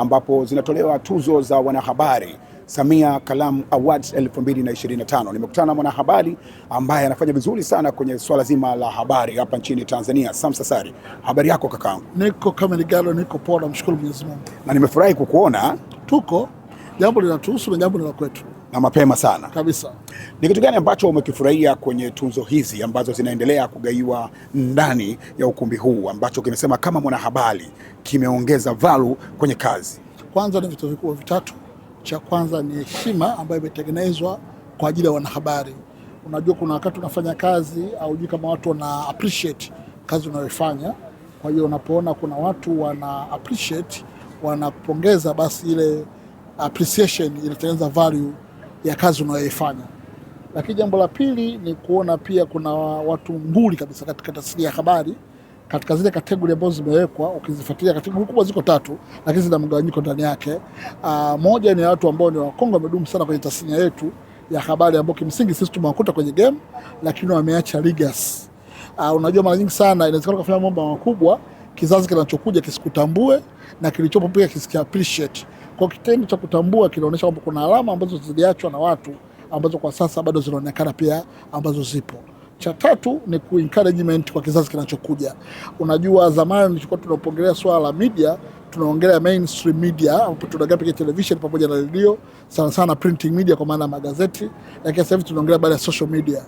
ambapo zinatolewa tuzo za wanahabari Samia Kalam Awards 2025. Nimekutana na mwanahabari ambaye anafanya vizuri sana kwenye swala zima la habari hapa nchini Tanzania, Samsa Sari. Habari yako kakaangu? Niko kama galo, niko poa, namshukuru Mwenyezi Mungu. Na nimefurahi kukuona. Tuko jambo linatuhusu na jambo ni la kwetu na mapema sana kabisa. Ni kitu gani ambacho umekifurahia kwenye tunzo hizi ambazo zinaendelea kugaiwa ndani ya ukumbi huu ambacho kimesema kama mwanahabari kimeongeza value kwenye kazi? Kwanza ni vitu vikubwa vitatu. Cha kwanza ni heshima ambayo imetengenezwa kwa ajili ya wanahabari. Unajua, kuna wakati unafanya kazi au jui kama watu wana appreciate kazi unayoifanya. Kwa hiyo unapoona kuna watu wana appreciate, wanapongeza, basi ile appreciation inatengeneza value ya kazi unayoifanya. Lakini jambo la pili ni kuona pia kuna watu nguli kabisa katika tasnia ya habari katika zile kategori ambazo zimewekwa ukizifuatilia, kategori kubwa ziko tatu, lakini zina mgawanyiko ndani yake. Uh, moja ni watu ambao ni wakongwe wamedumu sana kwenye tasnia yetu ya habari, ambao kimsingi sisi tumewakuta kwenye game, lakini wameacha legacy. Ah, unajua, mara nyingi sana inawezekana kufanya mambo makubwa kizazi kinachokuja kisikutambue na kilichopo pia kisiki appreciate. Kwa kitendo cha kutambua kinaonyesha kwamba kuna alama ambazo ziliachwa na watu ambazo kwa sasa bado zinaonekana pia ambazo zipo. Cha tatu ni ku encouragement kwa kizazi kinachokuja. Unajua, zamani tulikuwa tunapongelea swala la media, tunaongelea mainstream media ambapo tunaongelea pia television pamoja na radio, sana sana printing media kwa maana ya magazeti, lakini sasa hivi tunaongelea baada ya social media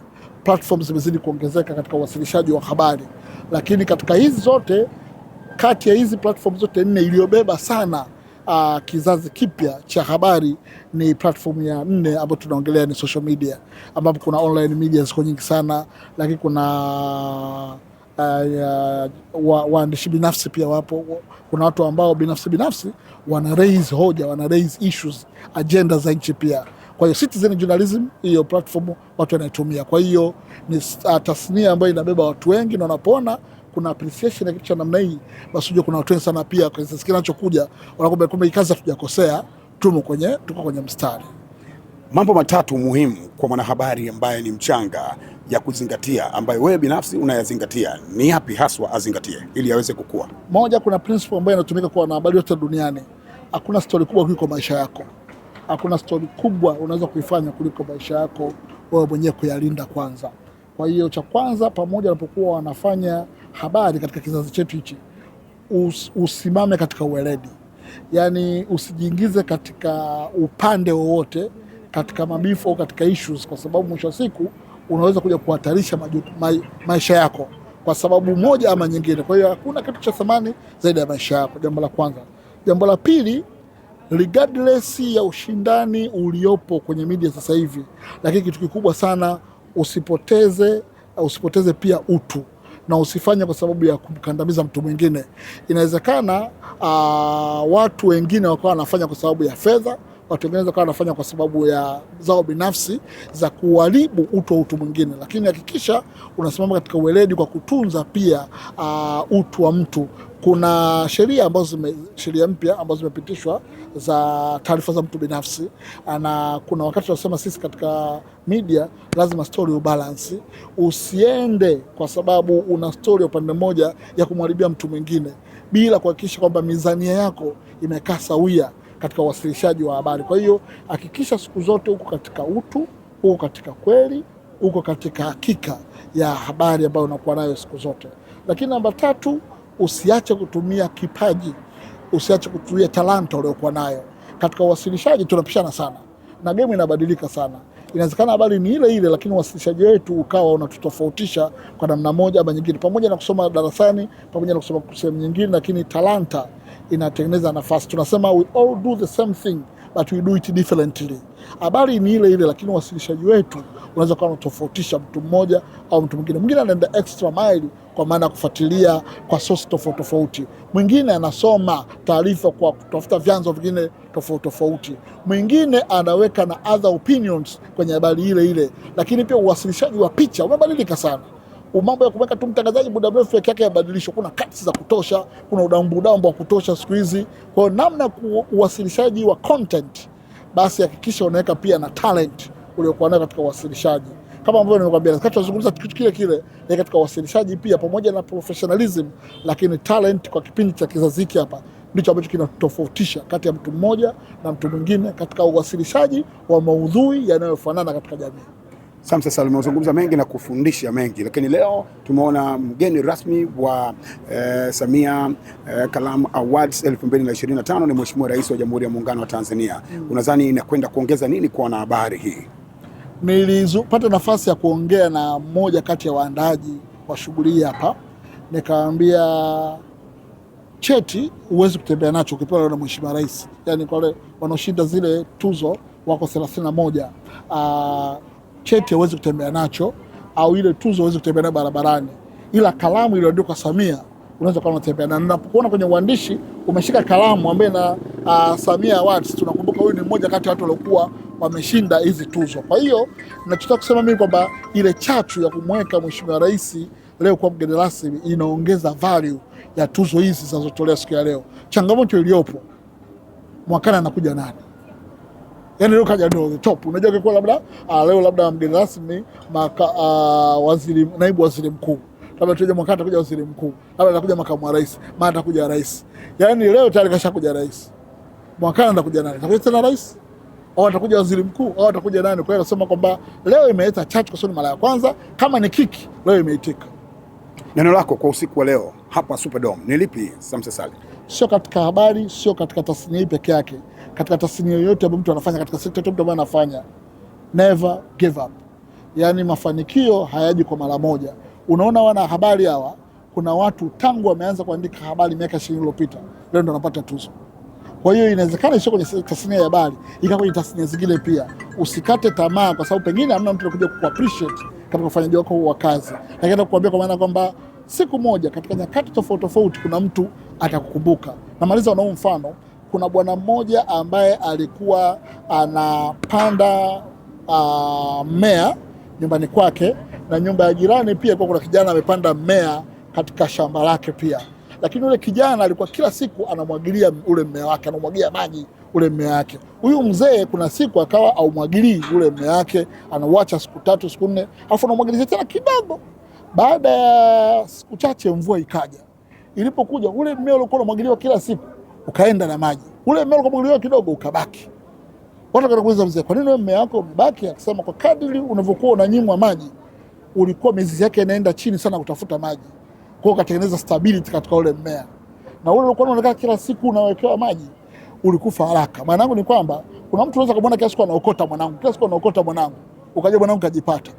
platforms zimezidi kuongezeka katika uwasilishaji wa habari, lakini katika hizi zote kati ya hizi platform zote nne iliyobeba sana uh, kizazi kipya cha habari ni platform ya nne ambayo tunaongelea ni social media, ambapo kuna online media ziko nyingi sana, lakini kuna uh, waandishi wa binafsi pia wapo. Kuna watu ambao binafsi binafsi wana raise hoja, wana raise issues, agenda za nchi pia. Kwa hiyo citizen journalism, hiyo platform watu wanaitumia. Kwa hiyo ni uh, tasnia ambayo inabeba watu wengi na wanapoona kuna appreciation ya kitu cha namna hii, basi ujue kuna watu wengi sana pia kwa sasa kinachokuja wanakwambia kumbe kazi hatujakosea, tumo kwenye tuko kwenye mstari. Mambo matatu muhimu kwa mwanahabari ambaye ni mchanga ya kuzingatia, ambayo wewe binafsi unayazingatia, ni yapi haswa azingatie ili aweze kukua? Moja, kuna principle ambayo inatumika kwa wanahabari wote duniani, hakuna stori kubwa kuliko maisha yako. Hakuna stori kubwa unaweza kuifanya kuliko maisha yako wewe mwenyewe, kuyalinda kwanza kwa hiyo cha kwanza, pamoja wanapokuwa wanafanya habari katika kizazi chetu hichi, us, usimame katika uweledi, yaani usijiingize katika upande wowote katika mabifu au katika issues, kwa sababu mwisho wa siku unaweza kuja kuhatarisha maisha yako kwa sababu moja ama nyingine. Kwa hiyo hakuna kitu cha thamani zaidi ya maisha yako, jambo la kwanza. Jambo la pili, regardless ya ushindani uliopo kwenye media sasa hivi, lakini kitu kikubwa sana usipoteze, usipoteze pia utu na usifanye kwa sababu ya kumkandamiza mtu mwingine. Inawezekana ah, watu wengine wakawa wanafanya kwa sababu ya fedha watu wengine wakawa wanafanya kwa sababu ya zao binafsi za kuharibu utu wa utu mwingine, lakini hakikisha unasimama katika uweledi kwa kutunza pia uh, utu wa mtu. Kuna sheria ambazo sheria mpya ambazo zimepitishwa za taarifa za mtu binafsi, ah, na kuna wakati tunasema sisi katika media lazima story ubalance, usiende kwa sababu una story upande mmoja ya kumharibia mtu mwingine bila kuhakikisha kwamba mizania yako imekaa sawia katika uwasilishaji wa habari. Kwa hiyo hakikisha siku zote uko katika utu, uko katika kweli, uko katika hakika ya habari ambayo unakuwa nayo siku zote. Lakini namba tatu, usiache kutumia kipaji, usiache kutumia talanta uliokuwa nayo katika uwasilishaji. Tunapishana sana na game inabadilika sana. Inawezekana habari ni ile ile, lakini uwasilishaji wetu ukawa unatutofautisha kwa namna moja ama nyingine, pamoja na kusoma darasani, pamoja na kusoma sehemu nyingine, lakini talanta inatengeneza nafasi. Tunasema we all do the same thing but we do it differently. Habari ni ile ile, lakini uwasilishaji wetu unaweza kuwa unatofautisha mtu mmoja au mtu mwingine. Mwingine anaenda extra mile kwa maana ya kufuatilia kwa source tofauti tofauti, mwingine anasoma taarifa kwa kutafuta vyanzo vingine tofauti tofauti, mwingine anaweka na other opinions kwenye habari ile ile. Lakini pia uwasilishaji wa picha umebadilika sana mambo ya kuweka tu mtangazaji muda mrefu yake yake yabadilishwe. Kuna cuts za kutosha, kuna udambu udambu wa kutosha siku hizi. Kwa hiyo namna uwasilishaji wa content, basi hakikisha unaweka pia na talent uliokuwa nayo katika uwasilishaji kama ambavyo nimekwambia, wakati tunazungumza kitu kile kile ni katika uwasilishaji pia, pamoja na professionalism, lakini talent kwa kipindi cha kizazi hiki hapa ndicho ambacho kinatofautisha kati ya mtu mmoja na mtu mwingine katika uwasilishaji wa maudhui yanayofanana katika jamii. Samsa Salum amezungumza mengi na kufundisha mengi, lakini leo tumeona mgeni rasmi wa eh, Samia eh, Kalamu Awards 2025 ni Mheshimiwa Rais wa Jamhuri ya Muungano wa Tanzania. Mm. Unadhani inakwenda kuongeza nini kwa wanahabari hii? Nilipata nafasi ya kuongea na mmoja kati ya waandaaji wa shughuli hapa, nikaambia cheti huwezi kutembea nacho ukipewa na Mheshimiwa Rais, yaani wale wanaoshinda zile tuzo wako 31 ah cheti hawezi kutembea nacho, au ile tuzo hawezi kutembea nayo barabarani, ila kalamu iliyoandikwa Samia unaweza kuwa unatembea na ninapokuona kwenye uandishi umeshika kalamu ambaye na uh, ah, Samia Awards, tunakumbuka huyu ni mmoja kati ya watu waliokuwa wameshinda hizi tuzo. Kwa hiyo nachotaka kusema mimi kwamba ile chatu ya kumweka mheshimiwa rais leo kuwa mgeni rasmi inaongeza value ya tuzo hizi zinazotolewa siku ya leo. Changamoto iliyopo mwakani anakuja nani? yani leo kaja ndio top. Unajua ingekuwa labda uh, leo labda mgeni rasmi maka, uh, waziri, naibu waziri mkuu labda tuje mwaka atakuja waziri mkuu, labda atakuja makamu wa rais, mara atakuja rais. Yani leo tayari kashakuja rais, mwaka atakuja nani? Atakuja tena rais au atakuja waziri mkuu au atakuja nani? Kwa hiyo nasema kwamba leo imeleta chachu, kwa sababu mara ya kwanza kama ni kiki leo imeitika. Neno lako kwa usiku wa leo hapa Superdome ni lipi, Samse Sali? Sio katika habari, sio katika tasnia peke yake katika tasnia yoyote ambayo mtu anafanya, katika sekta yote ambayo anafanya, never give up. Yani mafanikio hayaji kwa mara moja. Unaona wana habari hawa, kuna watu tangu wameanza kuandika habari miaka ishirini iliyopita leo ndo wanapata tuzo. Kwa hiyo inawezekana sio kwenye tasnia ya habari, ikawa kwenye tasnia zingine pia. Usikate tamaa, kwa sababu pengine hamna mtu anakuja ku appreciate katika ufanyaji wako wa kazi, lakini atakuambia kwa maana kwamba siku moja katika nyakati tofauti tofauti kuna mtu atakukumbuka. Namaliza na mfano kuna bwana mmoja ambaye alikuwa anapanda ah, mmea nyumbani kwake, na nyumba ya jirani pia kuna kijana amepanda mmea katika shamba lake pia, lakini ule kijana alikuwa kila siku anamwagilia ule mmea wake, anamwagia maji ule mmea wake. Huyu mzee kuna siku akawa aumwagilii ule mmea wake, anauacha siku tatu siku nne, alafu anamwagilizia tena kidogo. Baada ya siku chache mvua ikaja. Ilipokuja ule mmea uliokuwa unamwagiliwa kila siku ukaenda na maji, ule mmea ukamwagiliwa kidogo ukabaki. Watu wakakuuliza mzee, kwa nini wewe mmea wako umebaki? Akasema kwa kadri unavyokuwa unanyimwa maji, ulikuwa mizizi yake inaenda chini sana kutafuta maji, kwa hiyo ukatengeneza stability katika ule mmea, na ule ulikuwa unaonekana kila siku unawekewa maji ulikufa haraka. Maana yangu ni kwamba kuna mtu anaweza kumwona kila siku anaokota mwanangu, kila siku anaokota mwanangu, ukaja mwanangu kajipata.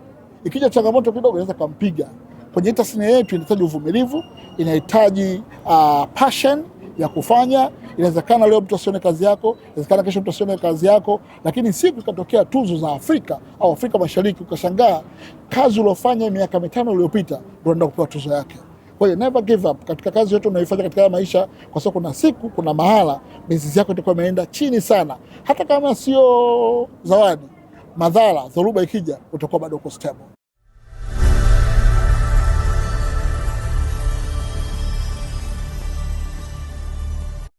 Ikija changamoto kidogo inaweza kampiga. Kwenye tasnia yetu inahitaji uvumilivu, inahitaji uh, passion ya kufanya. Inawezekana leo mtu asione kazi yako, inawezekana kesho mtu asione kazi yako, lakini siku ikatokea tuzo za Afrika au Afrika Mashariki, ukashangaa kazi uliofanya miaka mitano iliyopita unaenda kupewa tuzo yake. Kwa hiyo never give up katika kazi yote unayoifanya katika maisha, kwa sababu kuna siku, kuna mahala mizizi yako itakuwa imeenda chini sana, hata kama sio zawadi, madhara, dhoruba ikija, utakuwa bado uko stable.